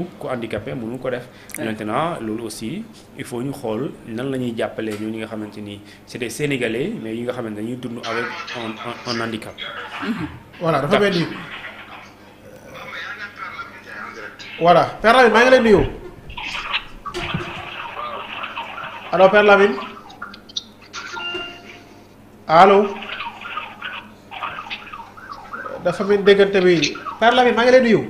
jàng ku handicapé mënul ko def maintenant loolu aussi il faut ñu xool nan la ñuy jàppalee ñoo ñi nga xamante ni c'est des sénégalais mais yi nga xamante dañuy dund avec un un handicap mm-hmm. voilà dafa mel ni euh, voilà Père Lamine maa ngi lay nuyu allo Père dafa mel déggante bi Père Lamine maa ngi lay nuyu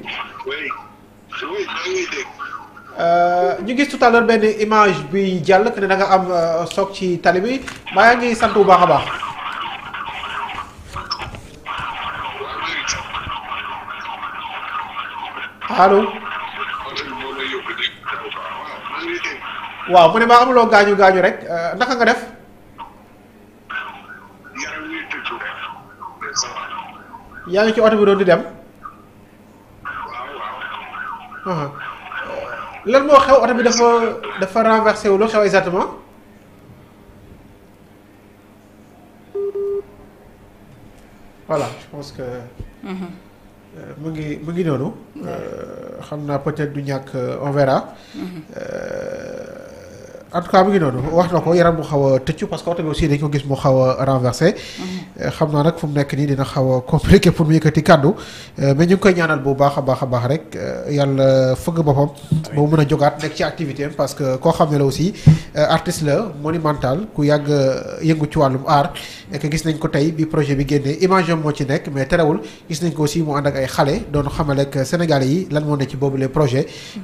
Euh, ñu gis tout à benn image bi jàll que ne da nga am euh, soog ci tali bi maa ngi sant bu baax a baax. allo. waaw mu ne maa amuloo gaañu gaañu rek euh, naka nga def. yaa ngi ci oto bi doon di dem. Uh-huh. lan moo xew oto bi dafa dafa renversé wu lu xew exactement. voilà je pense que. Mm-hmm. Euh, mu ngi mu ngi noonu. Euh, xam naa peut-être du ñàkk euh, on en tout cas mu ngi noonu wax na ko yaram mu xaw a tëccu parce que oto bi aussi dañ ko gis mu xaw a renversé. Mhm. Euh, xam naa nag fu mu nekk nii dina xaw a compliqué pour mu yëkkati kàddu. Euh, mais ñu ngi koy ñaanal bu baax a baax a baax rek euh, yàlla fëgg boppam. moo mën a jógaat nekk activité parce que koo xam ne la aussi artiste la monumental ku yàgg yëngu ci wàllum art. et nañ ko tey bi projet bi génnee image moo ci nekk mais terewul gis nañ ko aussi mu ànd ak ay xale doon xamal ak Sénégalais yi lan moo ne ci boobu mhm.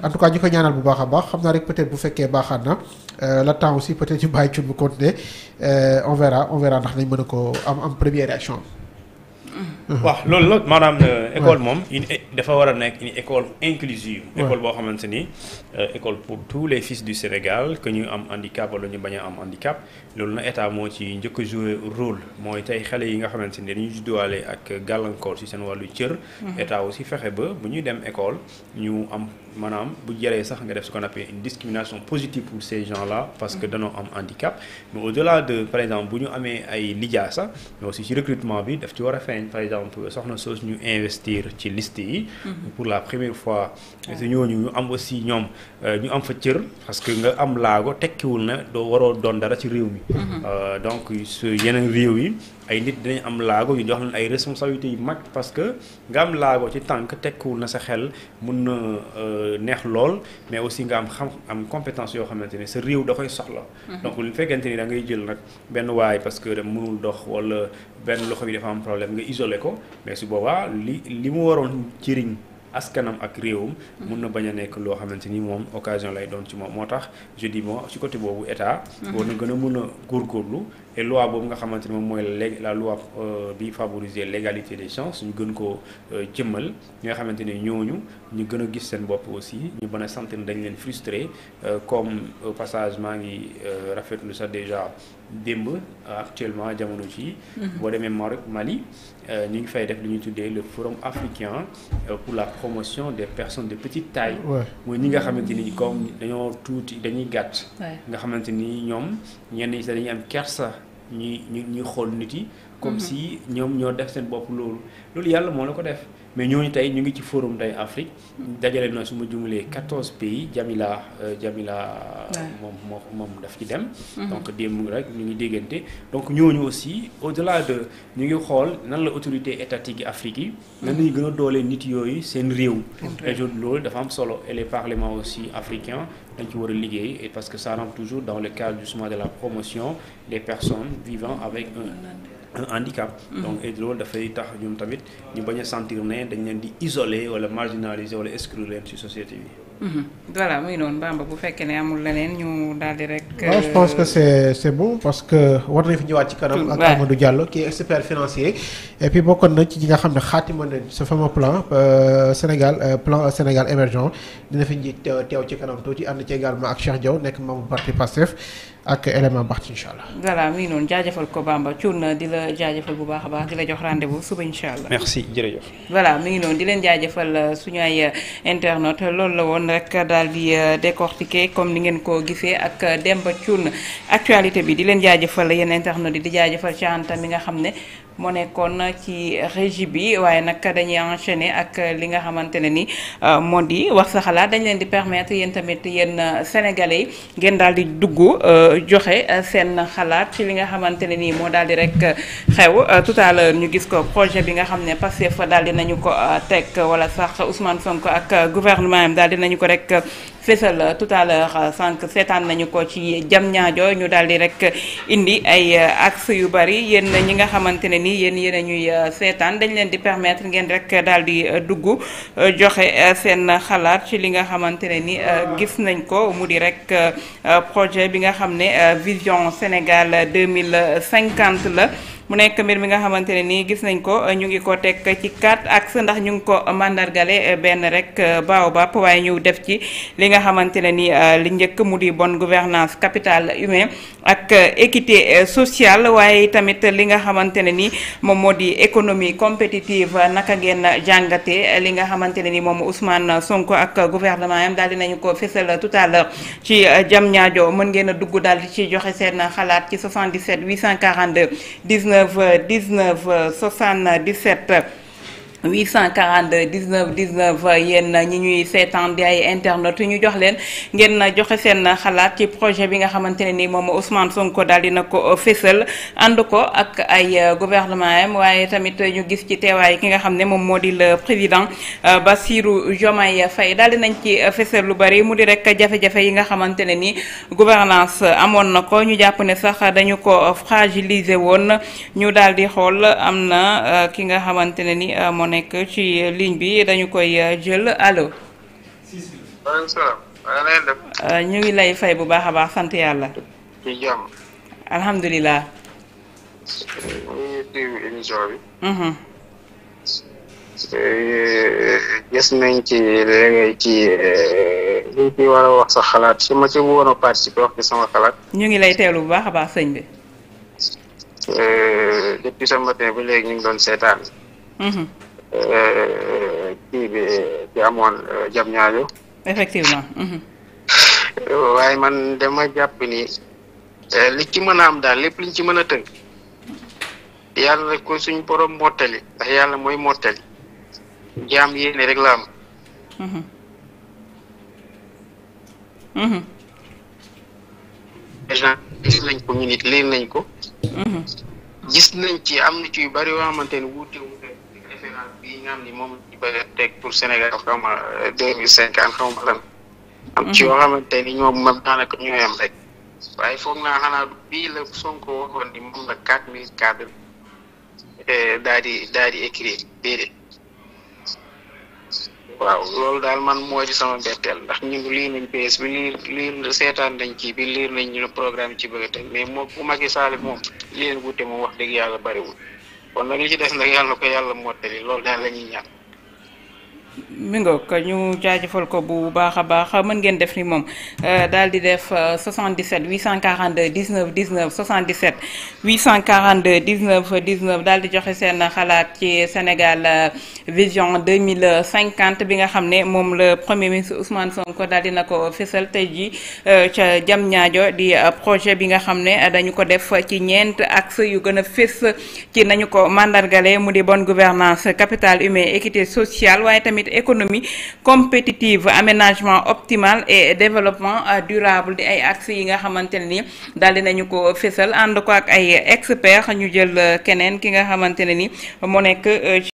en tout cas ñu koy ñaanal bu baax a baax xam naa rek peut-être bu fekkee baaxaat na Euh, le temps aussi peut être ñu bàyyi cun bu continuer euh, on verra on verra ndax nañ mën a ko am am première réaction mm-hmm. waaw loolu la maanaam euh, école moom une dafa war a nekk une école inclusive école boo xamante ni école pour tous les fils du Sénégal que ñu am handicap wala ñu bañ a am handicap loolu na état moo ci njëkk a joué mooy tey xale yi nga xamante ni dañuy judduwaale ak gàllankoor ci seen wàllu cër mm-hmm. état aussi fexe ba bu ñuy dem école ñu am maanaam bu jëree sax nga def ce qu'on appelle une discrimination positive pour ces gens-là parce que danoo am handicap mais au-delà de par exemple bu ñu amee ay sax mais aussi ci recrutement bi daf ci war a feeñ par exemple soxna soos ñu investir ci liste yi mm-hmm. pour la première fois te ñooñu ñu am aussi ñoom euh, ñu am fa cër parce que nga am laago tekkiwul na doo waroo doon dara ci réew mi mm-hmm. euh, donc yeneen réew yi ay nit dinañ am laago yu jox leen ay responsabilités yu mag parce que nga am laago ci tànk tekkuwul na sa xel mun na euh, neex lool mais aussi nga am xam am compétence yoo xamante ne sa réew da soxla. Mm-hmm. donc lu fekkente ni da ngay jël nag benn waay parce que dem mënul dox wala benn loxo bi dafa am problème nga isolé ko mais su boobaa li li mu waroon jëriñ. askanam ak réewam mun na bañ a nekk loo xamante ni moom occasion lay doon ci moom moo tax je dis bon côté boobu état mhm. war na gën a mun góorgóorlu et boobu nga xamante ni moom mooy la loi euh, bi favoriser l'égalité des chances ñu gën koo euh, jëmmal ñi nga xamante ni ñooñu ñu gën a gis seen bopp aussi ñu bañ a sant ne dañ leen frustré euh, comme passage maa ngi rafetlu sa déjà démb euh, actuellement jamono ci mhm. boo demee Maroc Mali euh, ñu ngi fay def lu ñuy tuddee le forum africain euh, pour la promotion des personnes de petite taille mooy ñi nga xamante ni comme dañoo tuuti dañuy gàtt nga xamante ni ñoom ñenn ñi dañuy am kersa ñuy ñu ñuy xool nit yi. comme mhm. si ñoom ñoo def seen bopp loolu. loolu yàlla moom la ko def mais ñooñu tey ñu ngi ci forum day Afrique mhm. dajale na su ma jumulee quatorze pays Jamila euh, Jamila. moom moom moom daf ci dem. Mhm. donc démb rek ñu ngi déggante donc ñooñu aussi au delà de ñu ngi xool nan la autorité étatique Afrique yi. nan la ñuy gën a doole nit yooyu seen réew. et loolu dafa am solo et les parlements aussi africain dañ ci war a liggéey et parce que ça rentre toujours dans le cadre justement de la promotion des personnes vivant avec un, un handicap mm-hmm. donc et loolu dafay tax ñoom tamit ñu bañ a sentir ne dañ leen di isoler wala marginaliser wala exclure leen ci société bi Mhm. voilà muy noonu Bamba bu fekkee ne amul leneen ñu daal rek. Euh, pense que c' bon parce que war nañu fi ñëwaat ci kanam. ak Amadou Diallo qui est expert financier. et puis ci ñi nga xam ne xaatima na ce fameux plan euh, Sénégal euh, plan Sénégal émergent dina fi ñu teew ci kanam tuuti ànd ci également ak Cheikh Diaw nekk membre parti Pastef ak élément Baxte incha allah. voilà muy noonu jaajëfal ko Bamba Thioune di la jaajëfal bu baax a baax di la jox rendez vous suba incha allah. merci leen jaajëfal suñu ay loolu la woon. kon rek daal di euh, décortiquer comme ni ngeen ko gisee ak Demba Thioune actualité bi di leen jaajëfal yeneen tax na di jaajëfal ci Anta mi nga xam ne moo nekkoon ci régie bi waaye nag dañuy enchaîner ak li nga xamante ne ni euh, moo di wax sa xalaat dañ leen di permettre yéen tamit yéen euh, sénégale yi ngeen daal di dugg euh, joxe seen xalaat ci li nga xamante ne nii moo daal di rek xew tout ñu gis ko projet bi nga xam ne Pastef daal di nañu ko teg wala sax Ousmane Sonko ak gouvernement am daal di nañu ko rek fésal tout à sànq seetaan nañu ko ci jam ñaajo ñu daal di rek indi ay axe yu bari yéen ñi nga xamante nii yéen yéen a ñuy euh, seetaan dañ leen di permettre ngeen rek daal di euh, dugg euh, joxe seen xalaat ci li nga xamante ne ni gis nañ ko mu di rek projet bi nga xam ne vision Sénégal 2050 la mu nekk mbir mi nga xamante ne nii gis nañ ko ñu ngi ko teg ci quatre axes ndax ñu ngi ko mandargale eh, benn rek eh, baobab waaye ñu def ci li nga xamante ne nii eh, li njëkk mu di bonne gouvernance capital humain ak équité sociale waaye tamit li nga xamante ne nii moom moo di économie compétitive naka ngeen jàngate li nga xamante ne ni moom Ousmane Sonko ak gouvernement yam daal dinañu ko fésal tout à l'heure ci jam ñaajo mën ngeen a dugg daal ci joxe seen xalaat ci 77 842 19 di 77 842 19 19 yéen ñi ñuy seetaan di ay internet ñu jox leen ngeen joxe seen xalaat ci projet bi nga xamante ne ni moom Ousmane Sonko daal dina ko fésal ànd ko ak ay gouvernement yam waaye tamit ñu gis ci teewaay ki nga xam ne moom moo di le président euh, Bassirou Diomaye Faye daal nañ ci fésal lu bari mu di rek jafe-jafe yi nga xamante ne ni gouvernance amoon na ko ñu jàpp ne sax dañu ko fragiliser woon ñu daal di xool am na euh, ki nga xamante ne ni euh, moo nekk ci ligne bi dañu koy euh, jël allo. Euh, ñu ngi lay fay bu baax a baax sant yàlla. ci alhamdulilah. émission mhm. bi. gis nañ ci léegi ci euh, li ñu war a wax sa xalaat su ma ci woon a wax ci sama xalaat. ñu ngi lay teelu bu baax a baax sëñ bi. depuis ce matin léegi ñu ngi doon seetaan. Mhm. ci amoon euh, jam ñaajo effectivement mhm. waaye man dama jàpp ni euh, li ci mën a am daal lépp liñ ci mën a tënk yàlla ko suñ borom mottali ndax yàlla mooy mottali jaam yéene rek la am mhm. Mhm. gens gis nañ ko ñu nit liir nañ ko gis nañ ci am na ci yu bari yoo bii ni moom ñu bëgg teg pour Sénégal xaw ma euh, deux mille cinquante xaw ma lan. am ci yoo mhm. xamante ni ñoom même daanaka ñooy am rek. waaye foog naa xanaa bii la Sonko waxoon ni moom la quatre mille cadre euh, daal di daal di écrire déedéet. waaw loolu daal man mooy di sama mbetteel ndax ñu lii nañ bi lii seetaan nañ ci bi lii nañ ñu programme ci bëgg a teg mais moom bu Macky moom lii leen wute moom wax dëgg yàlla bariwul. kon nag li ci des nag yàlla na ko yàlla mottali loolu daal la ñuy ñaan. mi ñu jaajëfal ko bu baax a baax mën ngeen def ni moom euh, daal di def 77 842 19 19 77 842 19 19 daal di joxe seen xalaat ci Sénégal euh, vision 2050 bi nga xam ne moom le premier ministre Ousmane Sonko daal di na ko fésal tey jii euh, ca jam ñaajo di projet bi nga xam ne dañu ko def ci ñeent axe yu gën a fés ci nañu ko mandargale mu di bon gouvernance capital humain équité sociale waaye tamit. njiitu économie compétitive aménagement optimal et développement euh, durable di ay axes yi nga xamante ne ni daal nañu ko fésal ànd ko ak ay experts ñu jël euh, keneen ki nga xamante ni moo nekk euh,